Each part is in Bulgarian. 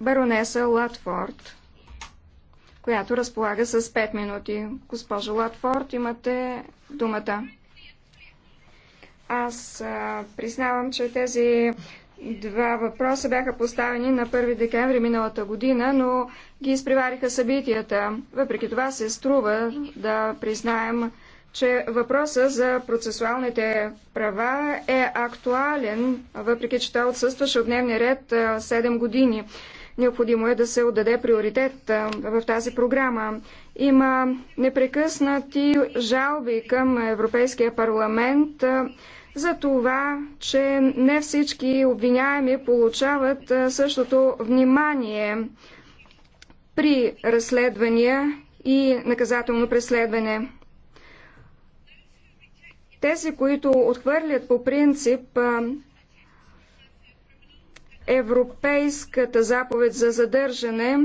баронеса Латфорд, която разполага с 5 минути. Госпожо Латфорд, имате думата. Аз а, признавам, че тези два въпроса бяха поставени на 1 декември миналата година, но ги изпревариха събитията. Въпреки това се струва да признаем, че въпроса за процесуалните права е актуален, въпреки че той отсъстваше от дневния ред 7 години. Необходимо е да се отдаде приоритет в тази програма. Има непрекъснати жалби към Европейския парламент за това, че не всички обвиняеми получават същото внимание при разследвания и наказателно преследване. Тези, които отхвърлят по принцип Европейската заповед за задържане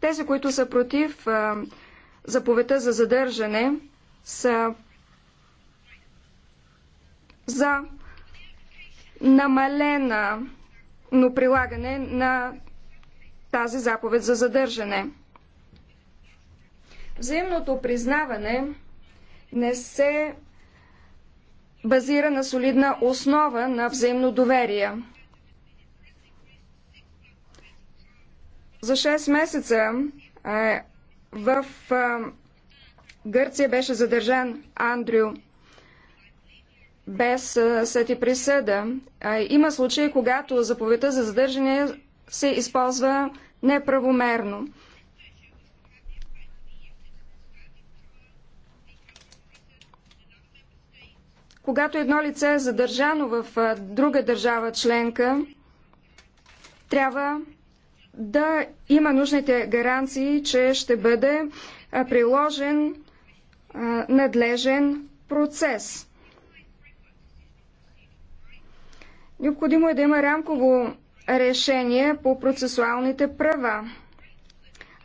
Тези, които са против заповедта за задържане, са за намалена но прилагане на тази заповед за задържане. Взаимното признаване не се базира на солидна основа на взаимно доверие. За 6 месеца в Гърция беше задържан Андрю без съд и присъда. Има случаи, когато заповедта за задържане се използва неправомерно. Когато едно лице е задържано в друга държава членка, трябва да има нужните гаранции, че ще бъде приложен надлежен процес. Необходимо е да има рамково решение по процесуалните права.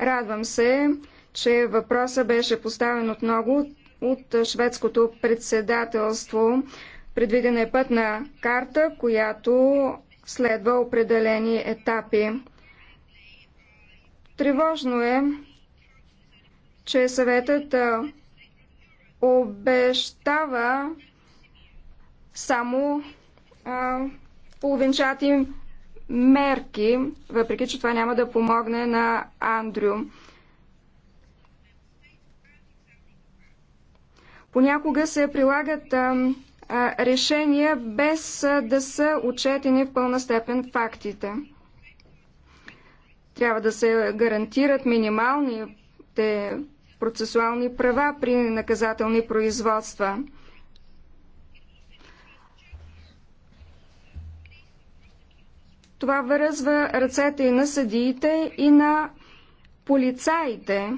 Радвам се, че въпроса беше поставен от много от шведското председателство. Предвидена е пътна карта, която следва определени етапи. Тревожно е, че съветът обещава само а, половинчати мерки, въпреки че това няма да помогне на Андрю. Понякога се прилагат а, а, решения без а, да са отчетени в пълна степен фактите. Трябва да се гарантират минималните процесуални права при наказателни производства. Това връзва ръцете и на съдиите, и на полицаите.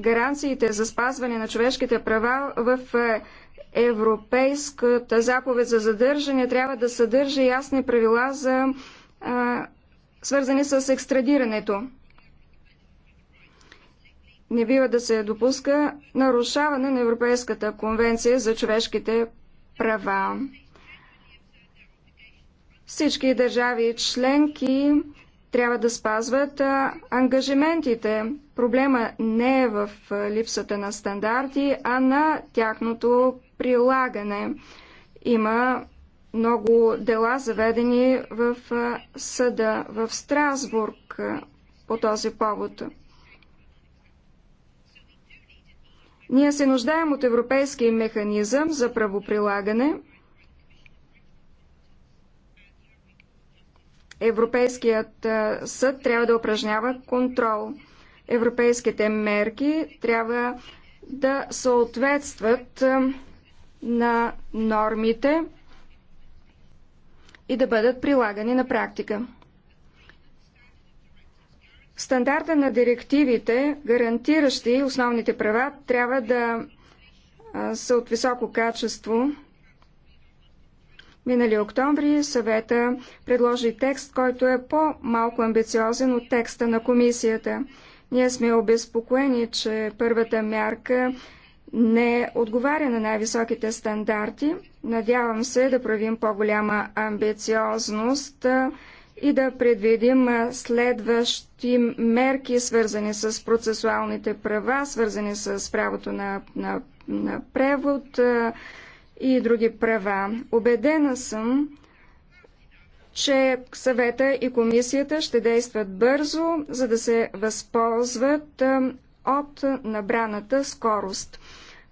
Гаранциите за спазване на човешките права в е, Европейската заповед за задържане трябва да съдържа ясни правила за а, е, свързани с екстрадирането. Не бива да се допуска нарушаване на Европейската конвенция за човешките права. Всички държави членки трябва да спазват а, ангажиментите. Проблема не е в липсата на стандарти, а на тяхното прилагане. Има много дела заведени в а, съда в Страсбург а, по този повод. Ние се нуждаем от европейски механизъм за правоприлагане – Европейският съд трябва да упражнява контрол. Европейските мерки трябва да съответстват на нормите и да бъдат прилагани на практика. Стандарта на директивите, гарантиращи основните права, трябва да са от високо качество – Минали октомври съвета предложи текст, който е по-малко амбициозен от текста на комисията. Ние сме обезпокоени, че първата мярка не отговаря на най-високите стандарти. Надявам се да правим по-голяма амбициозност и да предвидим следващи мерки, свързани с процесуалните права, свързани с правото на, на, на превод, и други права. Обедена съм, че съвета и комисията ще действат бързо, за да се възползват от набраната скорост.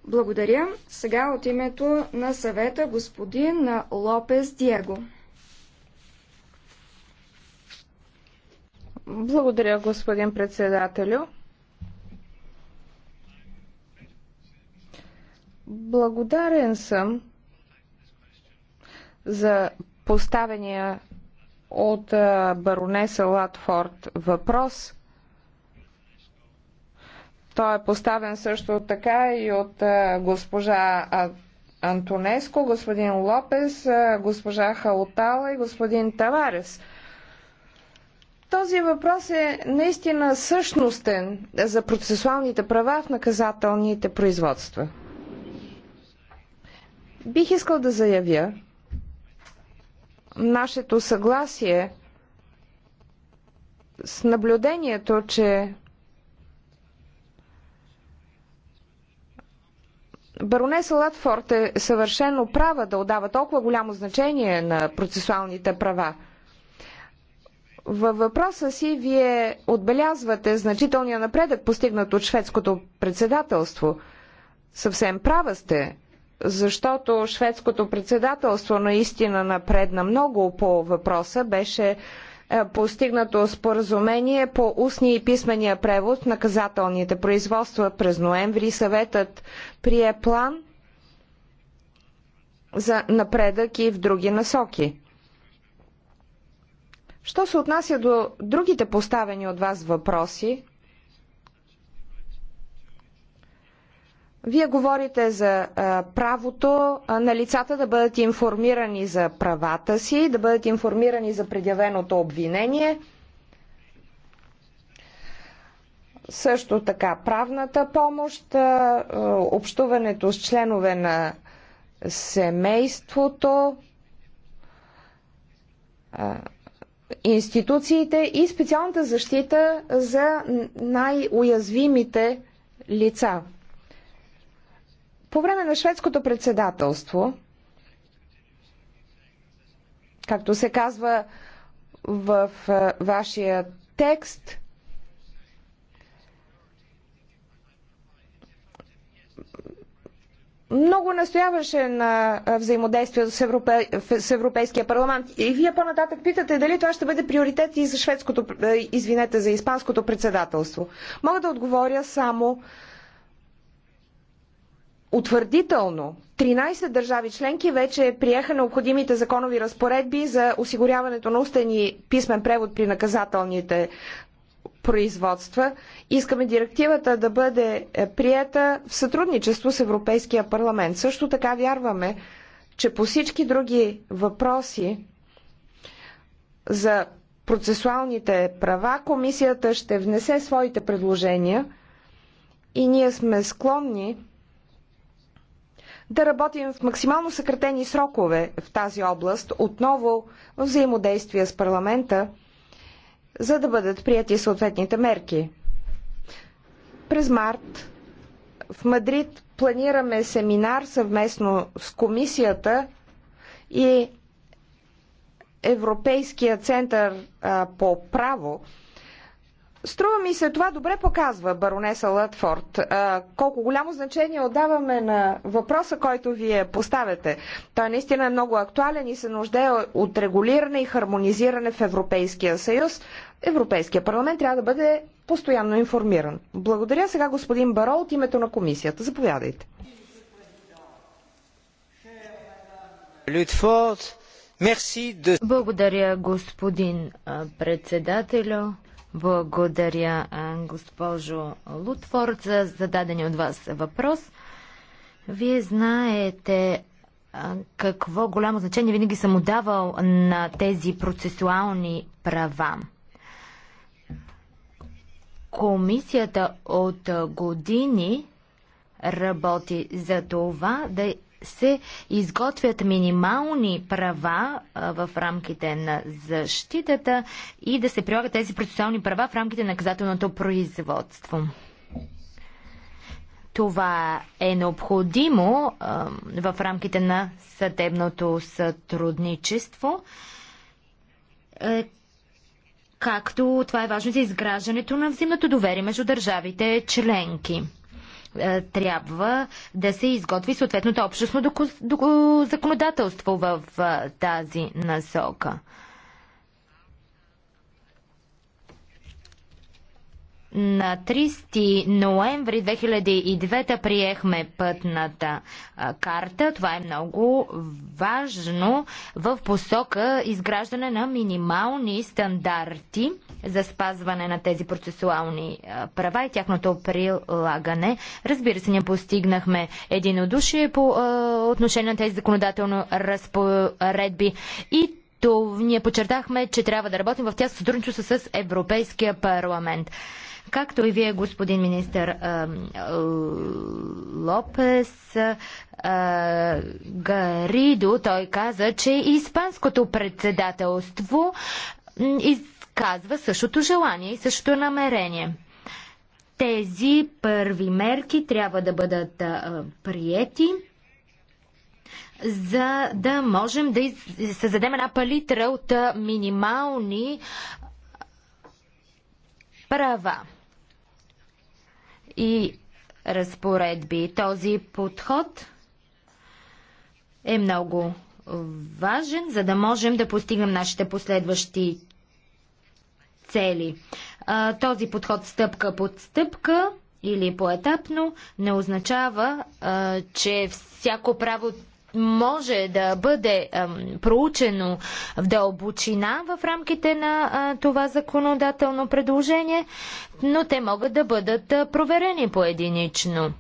Благодаря. Сега от името на съвета господин Лопес Диего. Благодаря, господин председателю. Благодарен съм за поставения от баронеса Латфорд въпрос. Той е поставен също така и от госпожа Антонеско, господин Лопес, госпожа Халтала и господин Таварес. Този въпрос е наистина същностен за процесуалните права в наказателните производства. Бих искал да заявя нашето съгласие с наблюдението, че Баронеса Латфорд е съвършено права да отдава толкова голямо значение на процесуалните права. Във въпроса си вие отбелязвате значителния напредък, постигнат от шведското председателство. Съвсем права сте защото шведското председателство наистина напредна много по въпроса. Беше е, постигнато споразумение по устния и писмения превод в наказателните производства през ноември. Съветът прие план за напредък и в други насоки. Що се отнася до другите поставени от вас въпроси, Вие говорите за правото на лицата да бъдат информирани за правата си, да бъдат информирани за предявеното обвинение. Също така правната помощ, общуването с членове на семейството, институциите и специалната защита за най-уязвимите лица. По време на шведското председателство, както се казва в е, вашия текст, много настояваше на е, взаимодействието с, Европе... с Европейския парламент. И вие по-нататък питате дали това ще бъде приоритет и за шведското, е, извинете, за испанското председателство. Мога да отговоря само утвърдително. 13 държави членки вече приеха необходимите законови разпоредби за осигуряването на устен и писмен превод при наказателните производства. Искаме директивата да бъде е, приета в сътрудничество с Европейския парламент. Също така вярваме, че по всички други въпроси за процесуалните права комисията ще внесе своите предложения и ние сме склонни да работим в максимално съкратени срокове в тази област, отново в взаимодействие с парламента, за да бъдат прияти съответните мерки. През март в Мадрид планираме семинар съвместно с комисията и Европейския център а, по право, Струва ми се, това добре показва баронеса Лътфорд. Колко голямо значение отдаваме на въпроса, който вие поставяте. Той наистина е много актуален и се нуждае от регулиране и хармонизиране в Европейския съюз. Европейския парламент трябва да бъде постоянно информиран. Благодаря сега господин Баро от името на комисията. Заповядайте. Благодаря, господин председателю. Благодаря, госпожо Лутфорд, за зададения от вас въпрос. Вие знаете какво голямо значение винаги съм отдавал на тези процесуални права. Комисията от години работи за това да се изготвят минимални права в рамките на защитата и да се прилагат тези процесуални права в рамките на наказателното производство. Това е необходимо в рамките на съдебното сътрудничество, е, както това е важно за изграждането на взаимното доверие между държавите членки. Е, трябва да се изготви съответното общностно законодателство в е, тази насока. На 30 ноември 2009 приехме пътната карта. Това е много важно в посока изграждане на минимални стандарти за спазване на тези процесуални права и тяхното прилагане. Разбира се, ние постигнахме единодушие по отношение на тези законодателно разпоредби и то ние подчертахме, че трябва да работим в тясно сътрудничество с Европейския парламент. Както и вие, господин министър Лопес Гаридо, той каза, че испанското председателство изказва същото желание и същото намерение тези първи мерки трябва да бъдат а, приети, за да можем да из... създадем една палитра от минимални права и разпоредби. Този подход е много важен, за да можем да постигнем нашите последващи цели. Този подход стъпка под стъпка или поетапно не означава, че всяко право може да бъде проучено в дълбочина в рамките на това законодателно предложение, но те могат да бъдат проверени проверени поединично.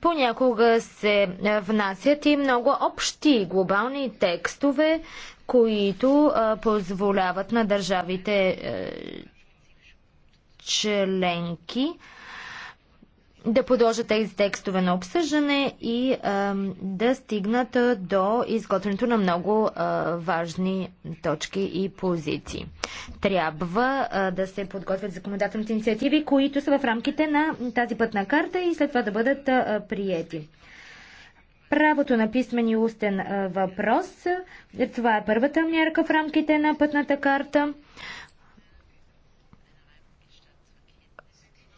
Понякога се внасят и много общи глобални текстове, които позволяват на държавите е, членки да подложат тези текстове на обсъждане и а, да стигнат до изготвянето на много а, важни точки и позиции. Трябва а, да се подготвят законодателните инициативи, които са в рамките на тази пътна карта и след това да бъдат а, приети. Правото на писмен и устен а, въпрос. Това е първата мярка в рамките на пътната карта. А,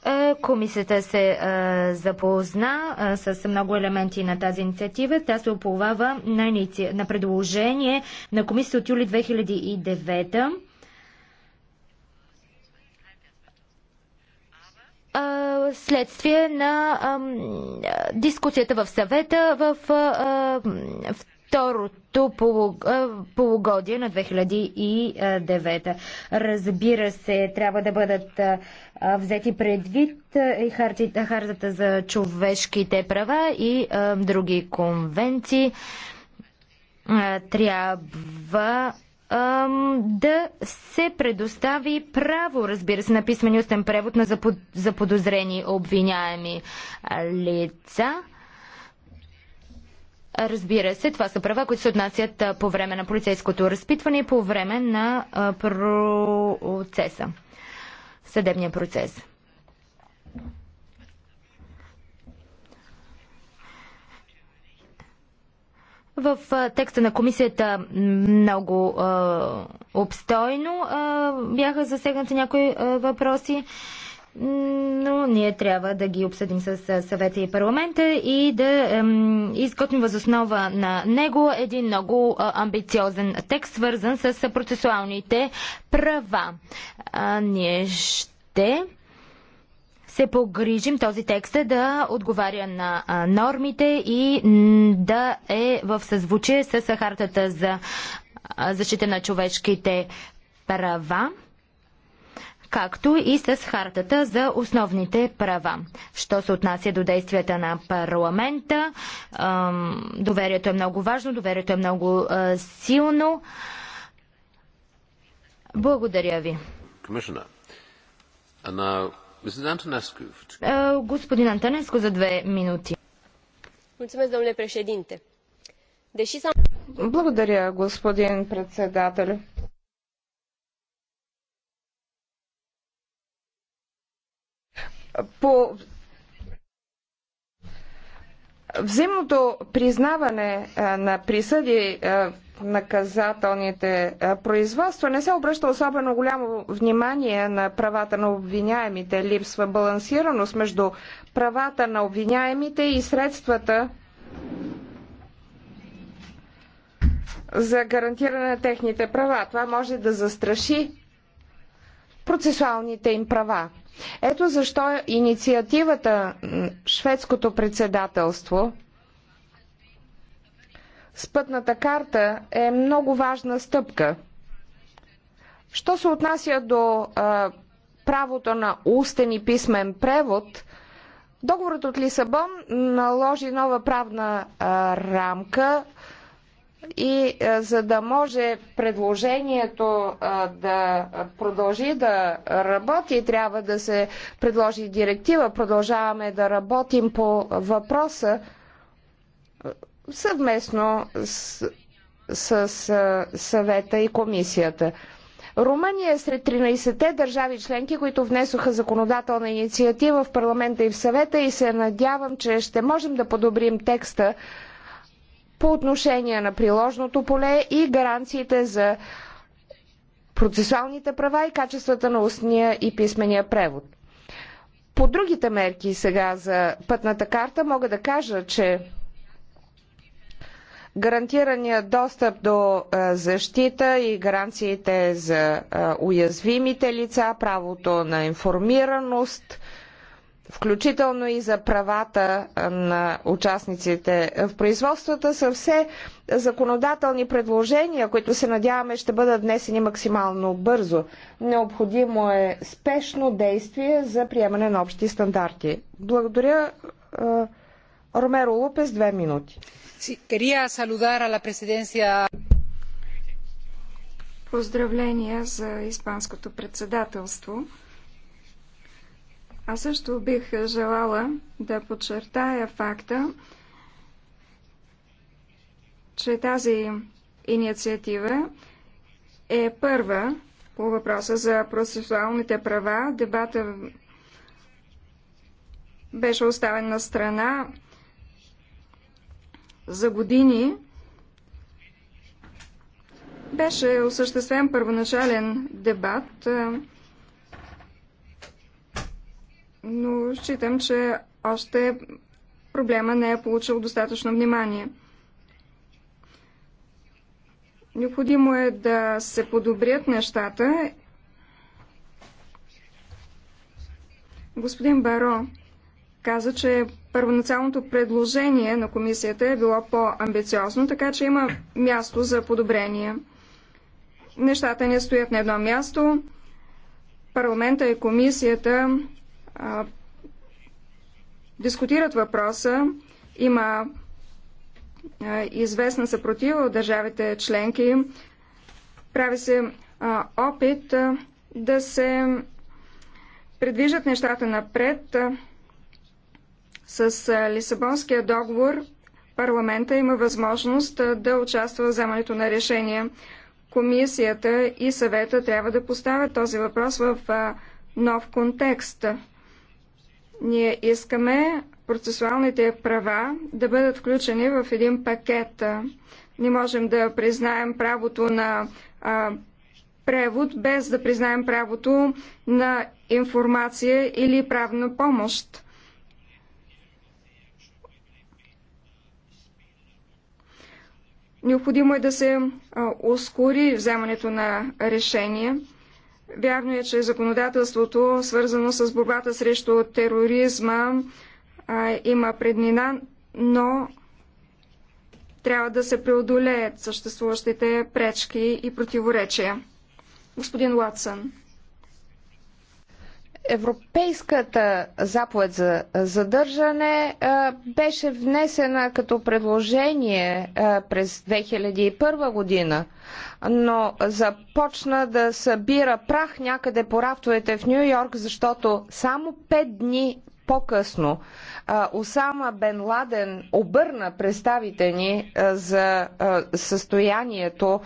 Е, комисията се е, запозна е, с много елементи на тази инициатива. Тя се оплувава на, иници... на предложение на Комисията от юли 2009 следствие на дискусията в съвета в, в второто полугодие на 2009. Разбира се, трябва да бъдат взети предвид и хартата за човешките права и други конвенции. Трябва да се предостави право, разбира се, на писмен устен превод на заподозрени обвиняеми лица. Разбира се, това са права, които се отнасят по време на полицейското разпитване и по време на процеса, съдебния процес. В текста на комисията много е, обстойно е, бяха засегнати някои е, въпроси но ние трябва да ги обсъдим с съвета и парламента и да ем, изготвим възоснова на него един много амбициозен текст, свързан с процесуалните права. А, ние ще се погрижим този текст да отговаря на нормите и да е в съзвучие с хартата за защита на човешките права както и с хартата за основните права. Що се отнася до действията на парламента, доверието е много важно, доверието е много силно. Благодаря ви. Господин Антонеско за две минути. Благодаря, господин председател. по взаимното признаване на присъди в наказателните производства не се обръща особено голямо внимание на правата на обвиняемите. Липсва балансираност между правата на обвиняемите и средствата за гарантиране на техните права. Това може да застраши процесуалните им права. Ето защо инициативата шведското председателство с пътната карта е много важна стъпка. Що се отнася до а, правото на устен и писмен превод, договорът от Лисабон наложи нова правна а, рамка и е, за да може предложението е, да продължи да работи, трябва да се предложи директива. Продължаваме да работим по въпроса е, съвместно с, с, с съвета и комисията. Румъния е сред 13-те държави членки, които внесоха законодателна инициатива в парламента и в съвета и се надявам, че ще можем да подобрим текста по отношение на приложното поле и гаранциите за процесуалните права и качествата на устния и писмения превод. По другите мерки сега за пътната карта мога да кажа, че гарантирания достъп до защита и гаранциите за уязвимите лица, правото на информираност – включително и за правата на участниците в производствата, са все законодателни предложения, които се надяваме ще бъдат внесени максимално бързо. Необходимо е спешно действие за приемане на общи стандарти. Благодаря. Ромеро Лупес, две минути. Поздравления за Испанското председателство. Аз също бих желала да подчертая факта, че тази инициатива е първа по въпроса за процесуалните права. Дебата беше оставен на страна за години. Беше осъществен първоначален дебат но считам, че още проблема не е получил достатъчно внимание. Необходимо е да се подобрят нещата. Господин Баро каза, че първоначалното предложение на комисията е било по-амбициозно, така че има място за подобрение. Нещата не стоят на едно място. Парламента и комисията а, дискутират въпроса. Има а, известна съпротива от държавите членки. Прави се а, опит а, да се предвижат нещата напред. А, с а, Лисабонския договор парламента има възможност а, да участва в вземането на решения. Комисията и съвета трябва да поставят този въпрос в нов контекст. Ние искаме процесуалните права да бъдат включени в един пакет. Не можем да признаем правото на а, превод без да признаем правото на информация или правна помощ. Необходимо е да се ускори вземането на решения. Вярно е, че законодателството, свързано с борбата срещу тероризма, има преднина, но трябва да се преодолеят съществуващите пречки и противоречия. Господин Уатсън. Европейската заповед за задържане беше внесена като предложение през 2001 година, но започна да събира прах някъде по рафтовете в Нью Йорк, защото само 5 дни по-късно Осама Бен Ладен обърна представите ни за състоянието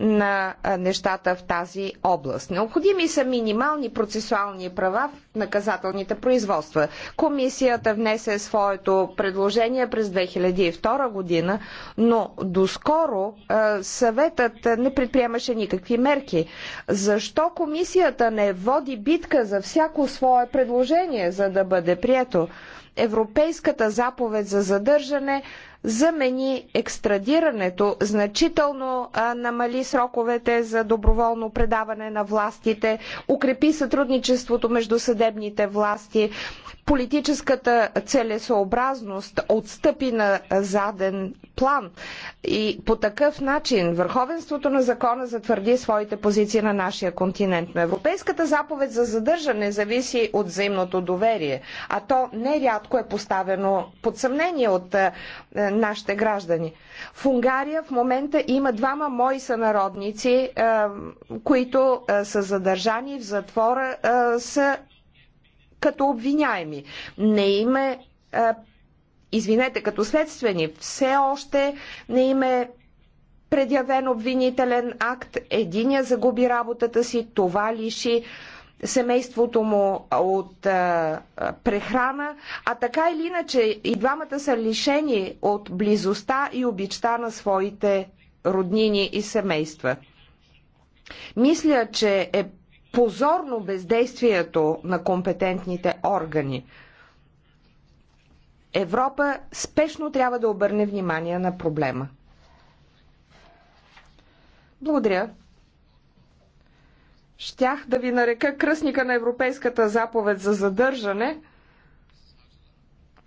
на нещата в тази област. Необходими са минимални процесуални права в наказателните производства. Комисията внесе своето предложение през 2002 година, но доскоро съветът не предприемаше никакви мерки. Защо комисията не води битка за всяко свое предложение, за да бъде прието? Европейската заповед за задържане замени екстрадирането, значително намали сроковете за доброволно предаване на властите, укрепи сътрудничеството между съдебните власти, политическата целесообразност отстъпи на заден план и по такъв начин върховенството на закона затвърди своите позиции на нашия континент. Но Европейската заповед за задържане зависи от взаимното доверие, а то нерядко е поставено под съмнение от нашите граждани. В Унгария в момента има двама мои сънародници, е, които е, са задържани в затвора, е, са като обвиняеми. Не име, извинете, като следствени, все още не име предявен обвинителен акт, единия загуби работата си, това лиши семейството му от а, прехрана, а така или иначе и двамата са лишени от близостта и обичта на своите роднини и семейства. Мисля, че е позорно бездействието на компетентните органи. Европа спешно трябва да обърне внимание на проблема. Благодаря щях да ви нарека кръстника на Европейската заповед за задържане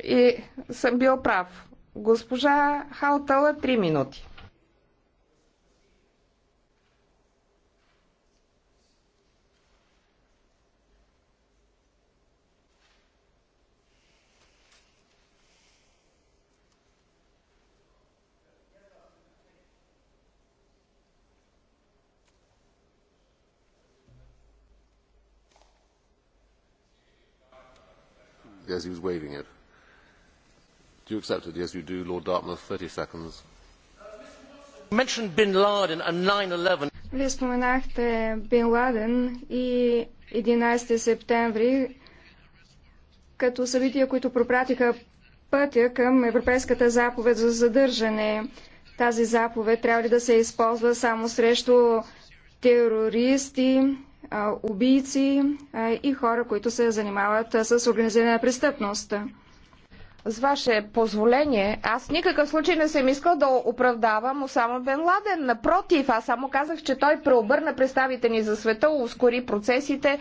и съм бил прав. Госпожа Халтала, 3 минути. Yes, he was waving it. Do you accept it? Yes, you do. Lord Dartmouth, 30 seconds. mentioned bin Laden and 9-11. Вие споменахте Бин Ладен и 11 септември като събития, които пропратиха пътя към Европейската заповед за задържане. Тази заповед трябва ли да се използва само срещу терористи, убийци и хора, които се занимават с организирана престъпност. С ваше позволение, аз никакъв случай не съм искал да оправдавам Осама Бен Ладен. Напротив, аз само казах, че той преобърна представите ни за света, ускори процесите.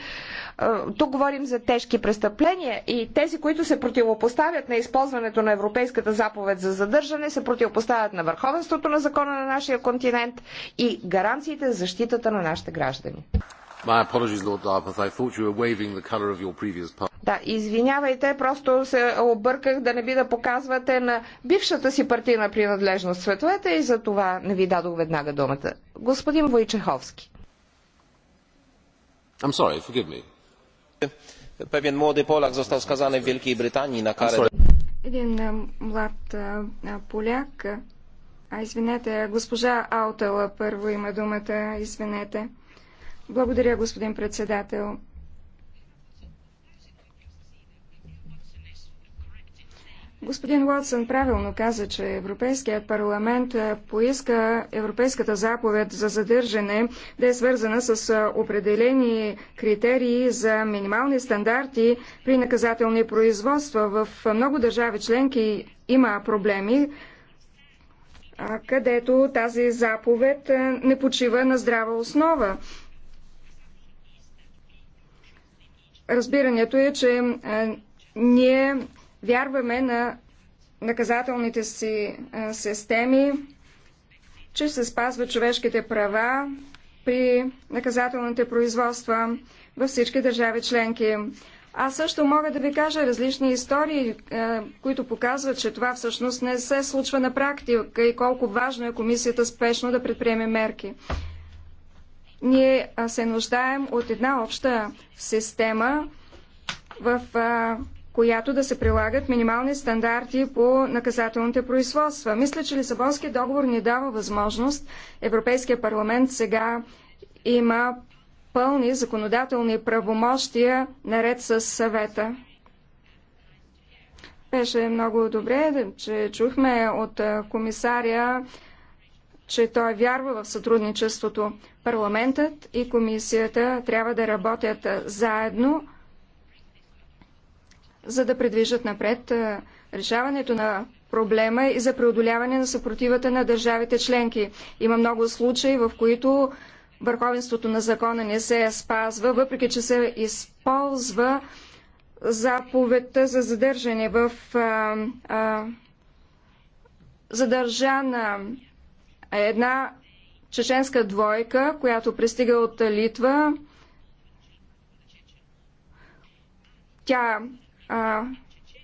Тук говорим за тежки престъпления и тези, които се противопоставят на използването на Европейската заповед за задържане, се противопоставят на върховенството на закона на нашия континент и гаранциите за защитата на нашите граждани. Да, извинявайте, просто се обърках да не би да показвате на бившата си партийна принадлежност световете и за това не ви дадох веднага думата. Господин Войчеховски. I'm sorry, forgive me. Pewien młody Polak został skazany w Wielkiej Brytanii na karę... Един млад поляк, а извинете, госпожа Аутела първо има думата, извинете. Благодаря, господин председател. Господин Уотсън правилно каза, че Европейският парламент поиска Европейската заповед за задържане да е свързана с определени критерии за минимални стандарти при наказателни производства. В много държави членки има проблеми, където тази заповед не почива на здрава основа. разбирането е, че ние вярваме на наказателните си системи, че се спазват човешките права при наказателните производства във всички държави членки. Аз също мога да ви кажа различни истории, които показват, че това всъщност не се случва на практика и колко важно е комисията спешно да предприеме мерки. Ние се нуждаем от една обща система, в която да се прилагат минимални стандарти по наказателните производства. Мисля, че Лисабонския договор ни дава възможност. Европейския парламент сега има пълни законодателни правомощия наред с съвета. Беше много добре, че чухме от комисаря че той вярва в сътрудничеството. Парламентът и комисията трябва да работят заедно, за да предвижат напред решаването на проблема и за преодоляване на съпротивата на държавите членки. Има много случаи, в които върховенството на закона не се спазва, въпреки че се използва заповедта за задържане в а, а, задържана една чеченска двойка, която пристига от Литва. Тя а,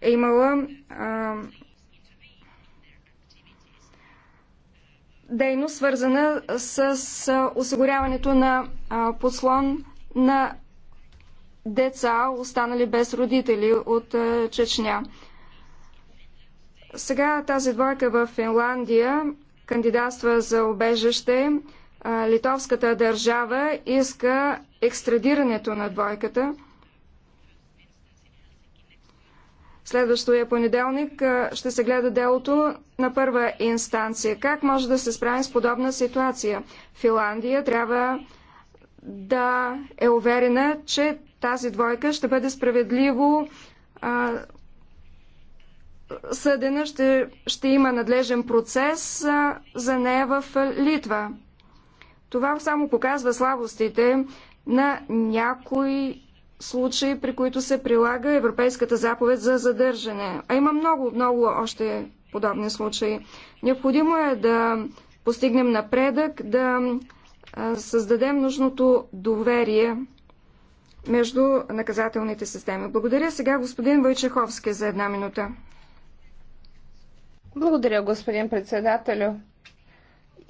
е имала а, дейност, свързана с, а, осигуряването на а, послон на деца, останали без родители от а, Чечня. Сега тази двойка в Финландия кандидатства за обежище, литовската държава иска екстрадирането на двойката. Следващия е понеделник ще се гледа делото на първа инстанция. Как може да се справим с подобна ситуация? Финландия трябва да е уверена, че тази двойка ще бъде справедливо а, съдена ще, ще има надлежен процес а, за нея в Литва. Това само показва слабостите на някои случаи, при които се прилага Европейската заповед за задържане. А има много, много още подобни случаи. Необходимо е да постигнем напредък, да създадем нужното доверие между наказателните системи. Благодаря сега господин Войчеховски за една минута. Благодаря, господин председателю.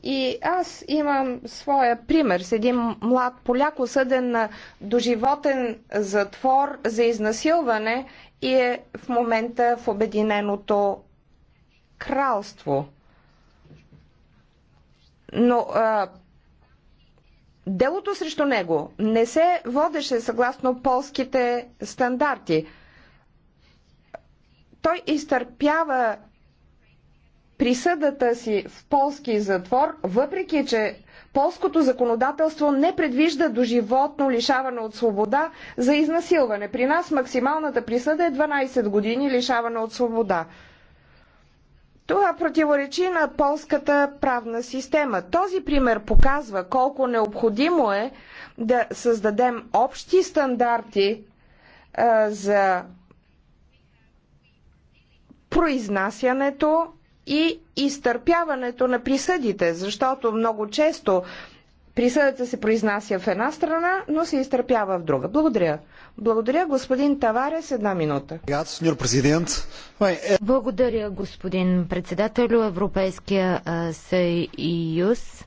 И аз имам своя пример с един млад поляк, осъден на доживотен затвор за изнасилване и е в момента в Обединеното кралство. Но а, делото срещу него не се водеше съгласно полските стандарти. Той изтърпява присъдата си в полски затвор, въпреки че полското законодателство не предвижда доживотно лишаване от свобода за изнасилване. При нас максималната присъда е 12 години лишаване от свобода. Това противоречи на полската правна система. Този пример показва колко необходимо е да създадем общи стандарти а, за произнасянето и изтърпяването на присъдите, защото много често присъдата се произнася в една страна, но се изтърпява в друга. Благодаря. Благодаря, господин Таварес, една минута. Благодаря, господин председател, Европейския съюз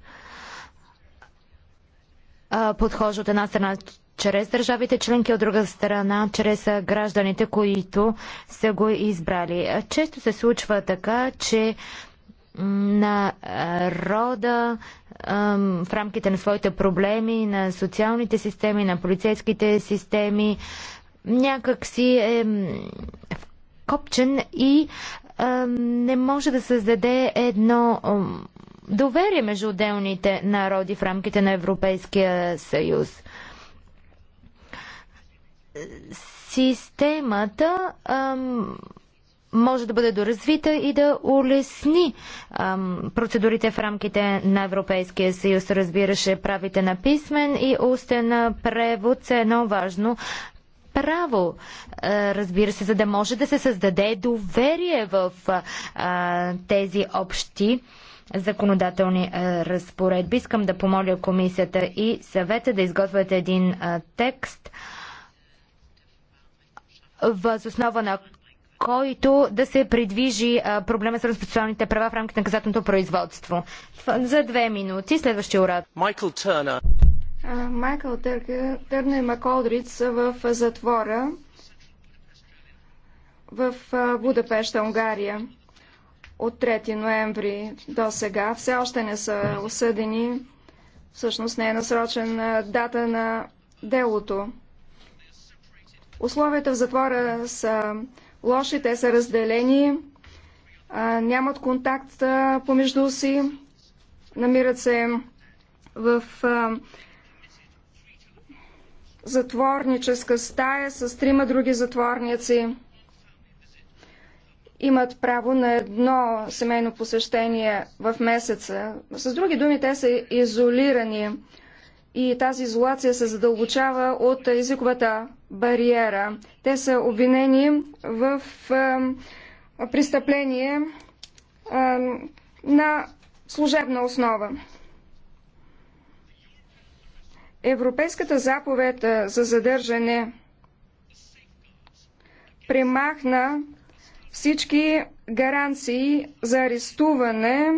подхожда от една страна чрез държавите членки, от друга страна, чрез гражданите, които са го избрали. Често се случва така, че народа в рамките на своите проблеми, на социалните системи, на полицейските системи, някак си е копчен и не може да създаде едно доверие между отделните народи в рамките на Европейския съюз системата ам, може да бъде доразвита и да улесни ам, процедурите в рамките на Европейския съюз. Разбираше правите на писмен и устен превод е едно важно право, разбира се, за да може да се създаде доверие в а, тези общи законодателни а, разпоредби. Искам да помоля комисията и съвета да изготвят един а, текст, въз основа на който да се придвижи проблема с процесуалните права в рамките на наказателното производство. За две минути следващия урад. Майкъл Търнър. Майкъл Търнър и Маколдриц са в затвора в Будапешта, Унгария от 3 ноември до сега. Все още не са осъдени. Всъщност не е насрочен дата на делото. Условията в затвора са лоши, те са разделени, нямат контакт помежду си, намират се в затворническа стая с трима други затворници. Имат право на едно семейно посещение в месеца. С други думи, те са изолирани и тази изолация се задълбочава от езиковата бариера. Те са обвинени в престъпление на служебна основа. Европейската заповед за задържане премахна всички гаранции за арестуване,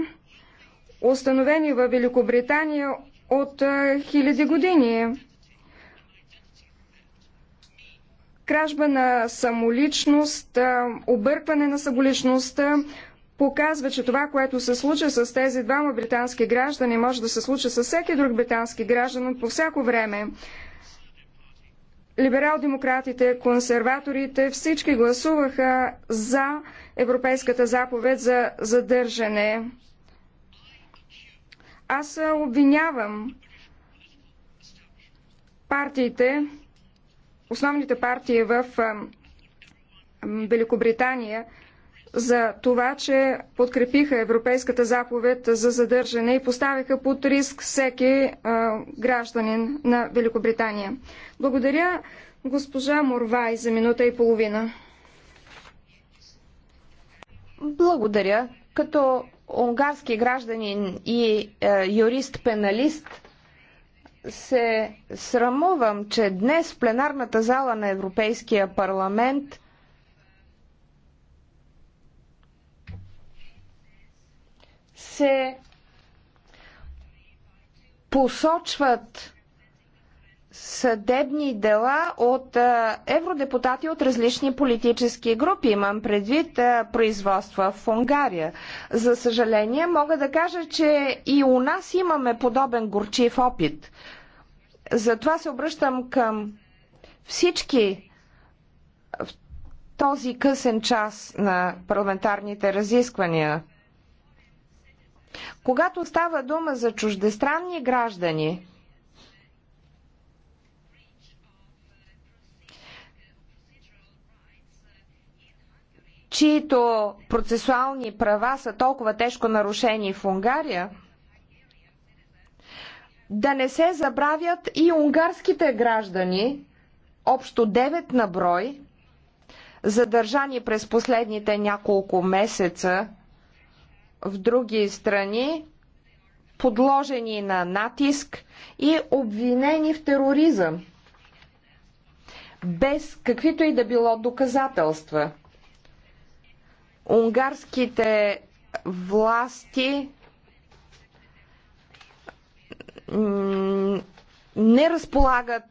установени в Великобритания от хиляди години. Кражба на самоличност, объркване на самоличността показва, че това, което се случи с тези двама британски граждани, може да се случи с всеки друг британски гражданин по всяко време. Либерал-демократите, консерваторите, всички гласуваха за Европейската заповед за задържане. Аз обвинявам партиите, основните партии в Великобритания за това, че подкрепиха Европейската заповед за задържане и поставиха под риск всеки гражданин на Великобритания. Благодаря госпожа Морвай за минута и половина. Благодаря. Като унгарски гражданин и е, юрист-пеналист, се срамувам, че днес в пленарната зала на Европейския парламент се посочват съдебни дела от евродепутати от различни политически групи. Имам предвид производства в Унгария. За съжаление, мога да кажа, че и у нас имаме подобен горчив опит. Затова се обръщам към всички в този късен час на парламентарните разисквания. Когато става дума за чуждестранни граждани, чието процесуални права са толкова тежко нарушени в Унгария, да не се забравят и унгарските граждани, общо 9 на брой, задържани през последните няколко месеца в други страни, подложени на натиск и обвинени в тероризъм, без каквито и да било доказателства – унгарските власти не разполагат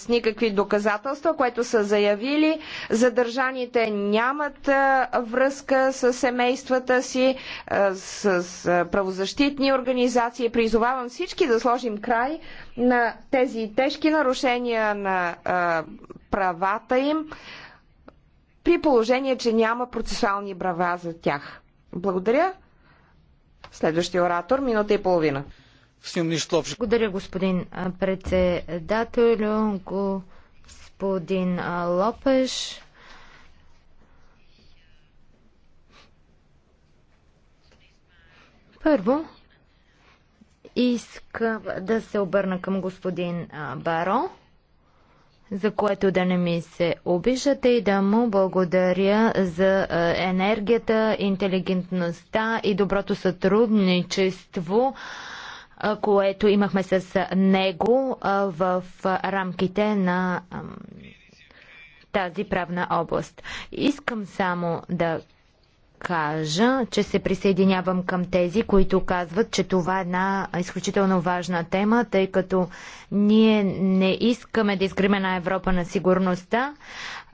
с никакви доказателства, което са заявили. Задържаните нямат връзка с семействата си, с правозащитни организации. Призовавам всички да сложим край на тези тежки нарушения на правата им при положение, че няма процесуални права за тях. Благодаря. Следващия оратор, минута и половина. Благодаря, господин председател, господин Лопеш. Първо, искам да се обърна към господин Баро за което да не ми се обижате и да му благодаря за енергията, интелигентността и доброто сътрудничество, което имахме с него в рамките на тази правна област. Искам само да кажа, че се присъединявам към тези, които казват, че това е една изключително важна тема, тъй като ние не искаме да изгриме на Европа на сигурността,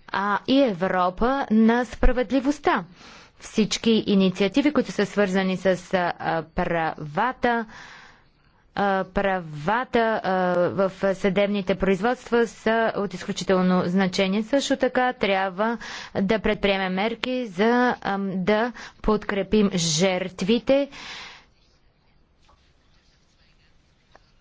а и Европа на справедливостта. Всички инициативи, които са свързани с правата, правата в съдебните производства са от изключително значение. Също така трябва да предприемем мерки за да подкрепим жертвите.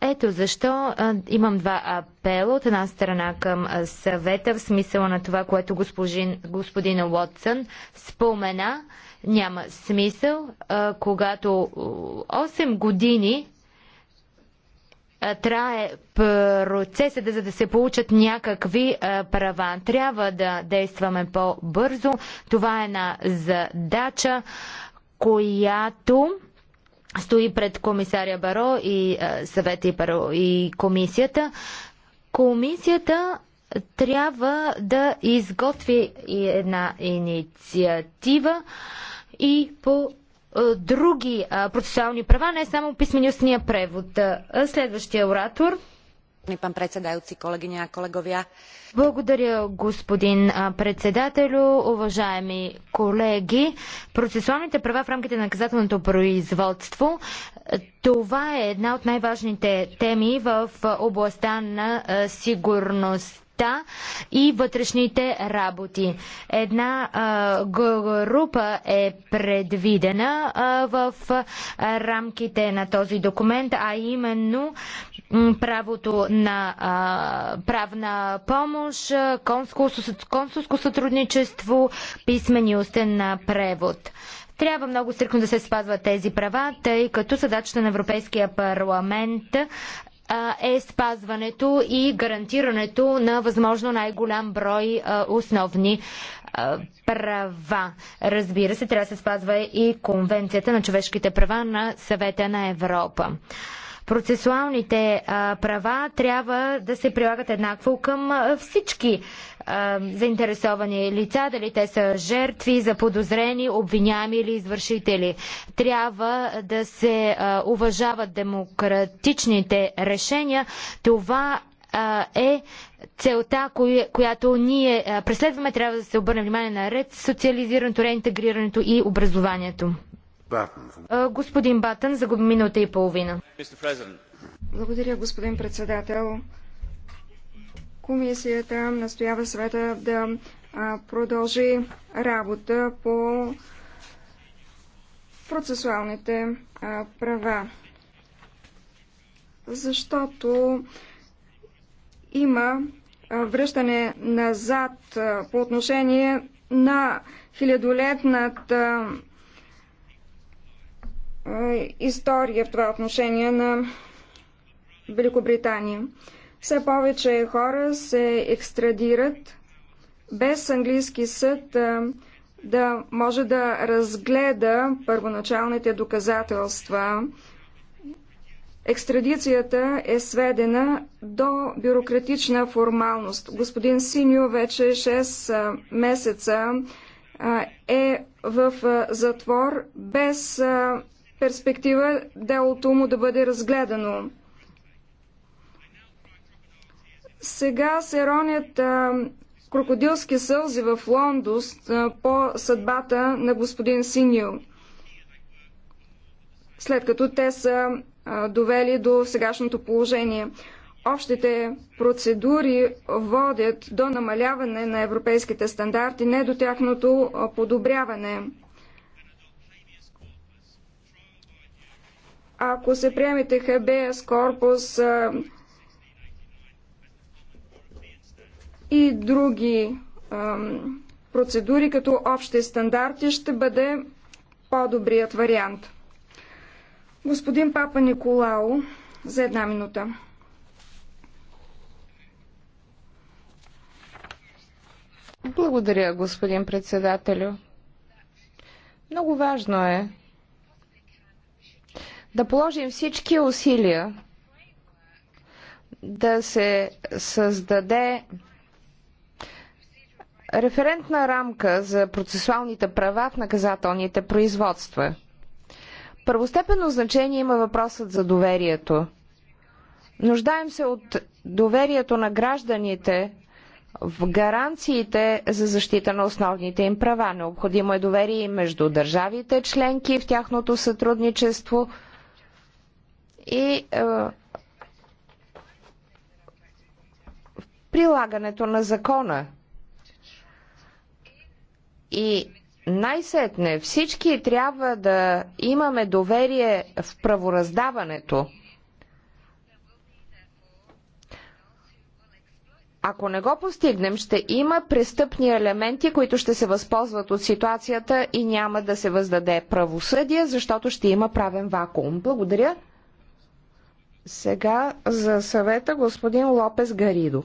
Ето защо имам два апела. От една страна към съвета, в смисъла на това, което господин, господин Уотсън спомена. Няма смисъл, когато 8 години трае процеса, за да се получат някакви права. Трябва да действаме по-бързо. Това е една задача, която стои пред комисаря Баро и съвета Баро, и комисията. Комисията трябва да изготви една инициатива и по други процесуални права, не само писмени устния превод. Следващия оратор. Благодаря, господин председателю. Уважаеми колеги, процесуалните права в рамките на наказателното производство, това е една от най-важните теми в областта на сигурност сигурността и вътрешните работи. Една а, група е предвидена а, в а, рамките на този документ, а именно правото на а, правна помощ, консулско, консулско сътрудничество, писмен и устен превод. Трябва много стрикно да се спазват тези права, тъй като задачата на Европейския парламент е спазването и гарантирането на възможно най-голям брой основни права. Разбира се, трябва да се спазва и Конвенцията на човешките права на Съвета на Европа. Процесуалните а, права трябва да се прилагат еднакво към а, всички а, заинтересовани лица, дали те са жертви, заподозрени, обвиняеми или извършители. Трябва да се а, уважават демократичните решения. Това а, е целта, коя, която ние преследваме, трябва да се обърне внимание на ред, социализирането, реинтегрирането и образованието. Господин Батън, за минута и половина. Благодаря, господин председател. Комисията настоява света да продължи работа по процесуалните права. Защото има връщане назад по отношение на хилядолетната е, история в това отношение на Великобритания. Все повече хора се екстрадират без английски съд е, да може да разгледа първоначалните доказателства. Екстрадицията е сведена до бюрократична формалност. Господин Синьо вече 6 е, месеца е в затвор без перспектива делото му да бъде разгледано. Сега се ронят а, крокодилски сълзи в Лондос а, по съдбата на господин Синьо, след като те са а, довели до сегашното положение. Общите процедури водят до намаляване на европейските стандарти, не до тяхното подобряване. ако се приемете хабеас корпус и други процедури като общи стандарти, ще бъде по-добрият вариант. Господин Папа Николао, за една минута. Благодаря, господин председателю. Много важно е да положим всички усилия да се създаде референтна рамка за процесуалните права в наказателните производства. Първостепенно значение има въпросът за доверието. Нуждаем се от доверието на гражданите в гаранциите за защита на основните им права. Необходимо е доверие между държавите членки в тяхното сътрудничество – и е, прилагането на закона. И най-сетне всички трябва да имаме доверие в правораздаването. Ако не го постигнем, ще има престъпни елементи, които ще се възползват от ситуацията и няма да се въздаде правосъдие, защото ще има правен вакуум. Благодаря. Сега за съвета господин Лопес Гаридо.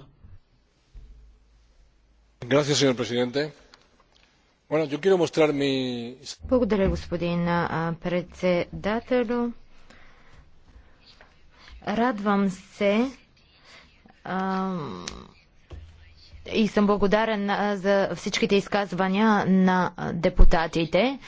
Благодаря, господин председател. Радвам се и съм благодарен за всичките изказвания на депутатите.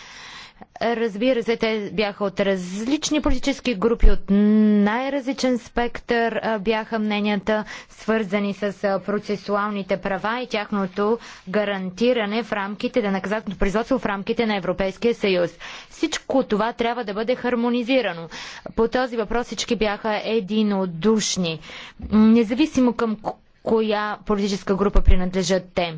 Разбира се, те бяха от различни политически групи, от най-различен спектър бяха мненията, свързани с процесуалните права и тяхното гарантиране в рамките на наказателното производство в рамките на Европейския съюз. Всичко това трябва да бъде хармонизирано. По този въпрос всички бяха единодушни, независимо към коя политическа група принадлежат те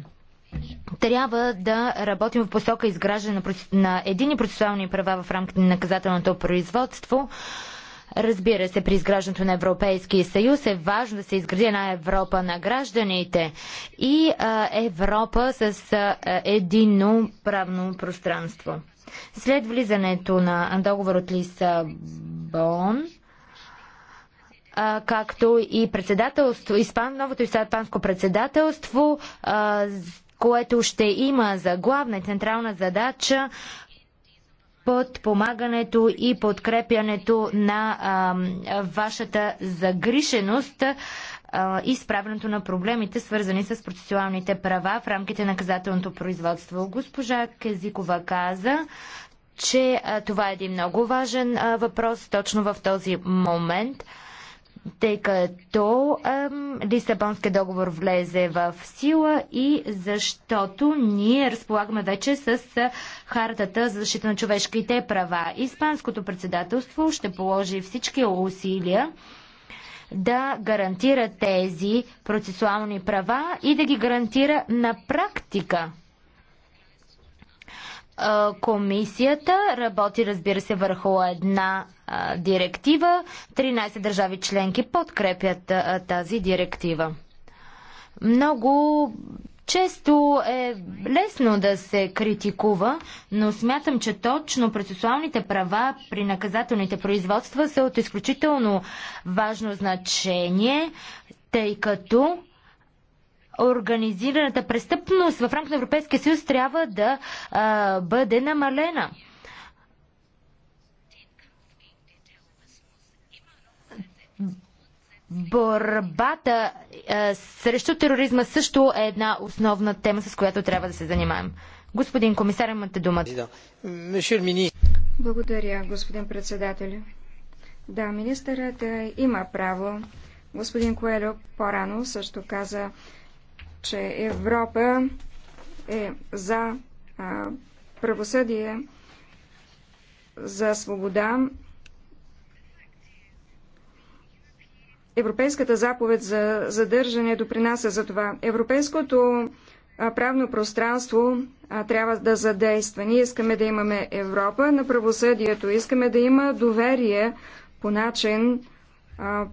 трябва да работим в посока изграждане на едини процесуални права в рамките на наказателното производство. Разбира се, при изграждането на Европейския съюз е важно да се изгради една Европа на гражданите и а, Европа с а, единно правно пространство. След влизането на договор от Лисабон, както и председателство, испан, новото испанско председателство а, което ще има за главна и централна задача подпомагането и подкрепянето на а, вашата загриженост и справянето на проблемите, свързани с процесуалните права в рамките на наказателното производство. Госпожа Кезикова каза, че а, това е един много важен а, въпрос точно в този момент тъй като ем, Лисабонския договор влезе в сила и защото ние разполагаме вече с хартата за защита на човешките права. Испанското председателство ще положи всички усилия да гарантира тези процесуални права и да ги гарантира на практика. Комисията работи, разбира се, върху една директива. 13 държави членки подкрепят тази директива. Много често е лесно да се критикува, но смятам, че точно процесуалните права при наказателните производства са от изключително важно значение, тъй като организираната престъпност в рамките на Европейския съюз трябва да а, бъде намалена. Борбата а, срещу тероризма също е една основна тема, с която трябва да се занимаем. Господин комисар, имате думата. Благодаря, господин председател. Да, министърът е, има право. Господин Коелю по-рано също каза, че Европа е за а, правосъдие, за свобода. Европейската заповед за задържане допринася за това. Европейското правно пространство а, трябва да задейства. Ние искаме да имаме Европа на правосъдието, искаме да има доверие по начин, а,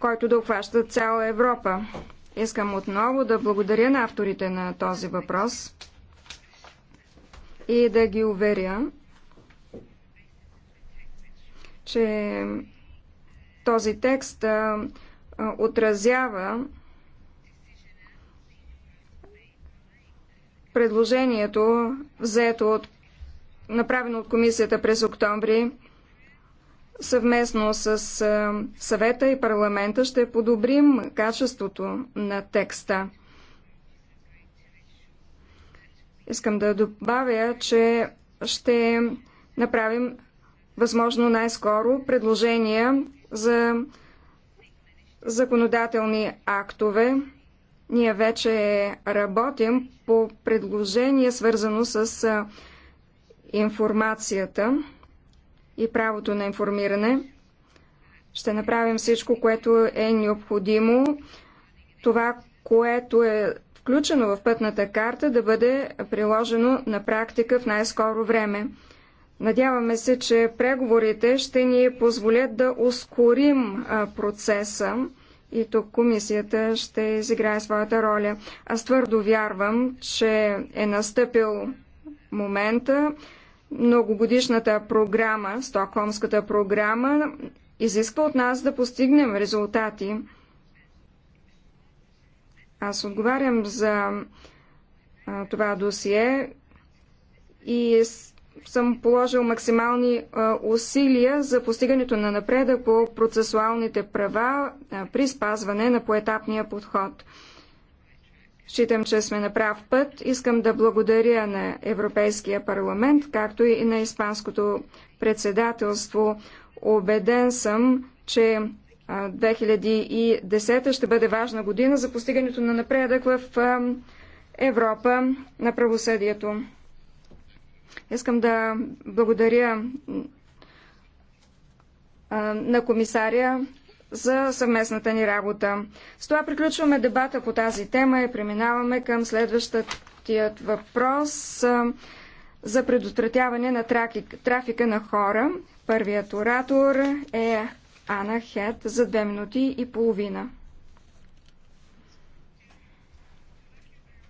който да обхваща цяла Европа. Искам отново да благодаря на авторите на този въпрос и да ги уверя, че този текст отразява предложението, взето от, направено от комисията през октомври съвместно с съвета и парламента ще подобрим качеството на текста. Искам да добавя, че ще направим възможно най-скоро предложения за законодателни актове. Ние вече работим по предложение, свързано с информацията и правото на информиране. Ще направим всичко, което е необходимо. Това, което е включено в пътната карта, да бъде приложено на практика в най-скоро време. Надяваме се, че преговорите ще ни позволят да ускорим процеса и тук комисията ще изиграе своята роля. Аз твърдо вярвам, че е настъпил момента многогодишната програма, Стокхолмската програма, изисква от нас да постигнем резултати. Аз отговарям за а, това досие и съм положил максимални а, усилия за постигането на напреда по процесуалните права а, при спазване на поетапния подход. Считам, че сме на прав път. Искам да благодаря на Европейския парламент, както и на Испанското председателство. Обеден съм, че 2010 ще бъде важна година за постигането на напредък в Европа на правосъдието. Искам да благодаря на комисаря за съвместната ни работа. С това приключваме дебата по тази тема и преминаваме към следващият въпрос за предотвратяване на трафика на хора. Първият оратор е Ана Хет за две минути и половина.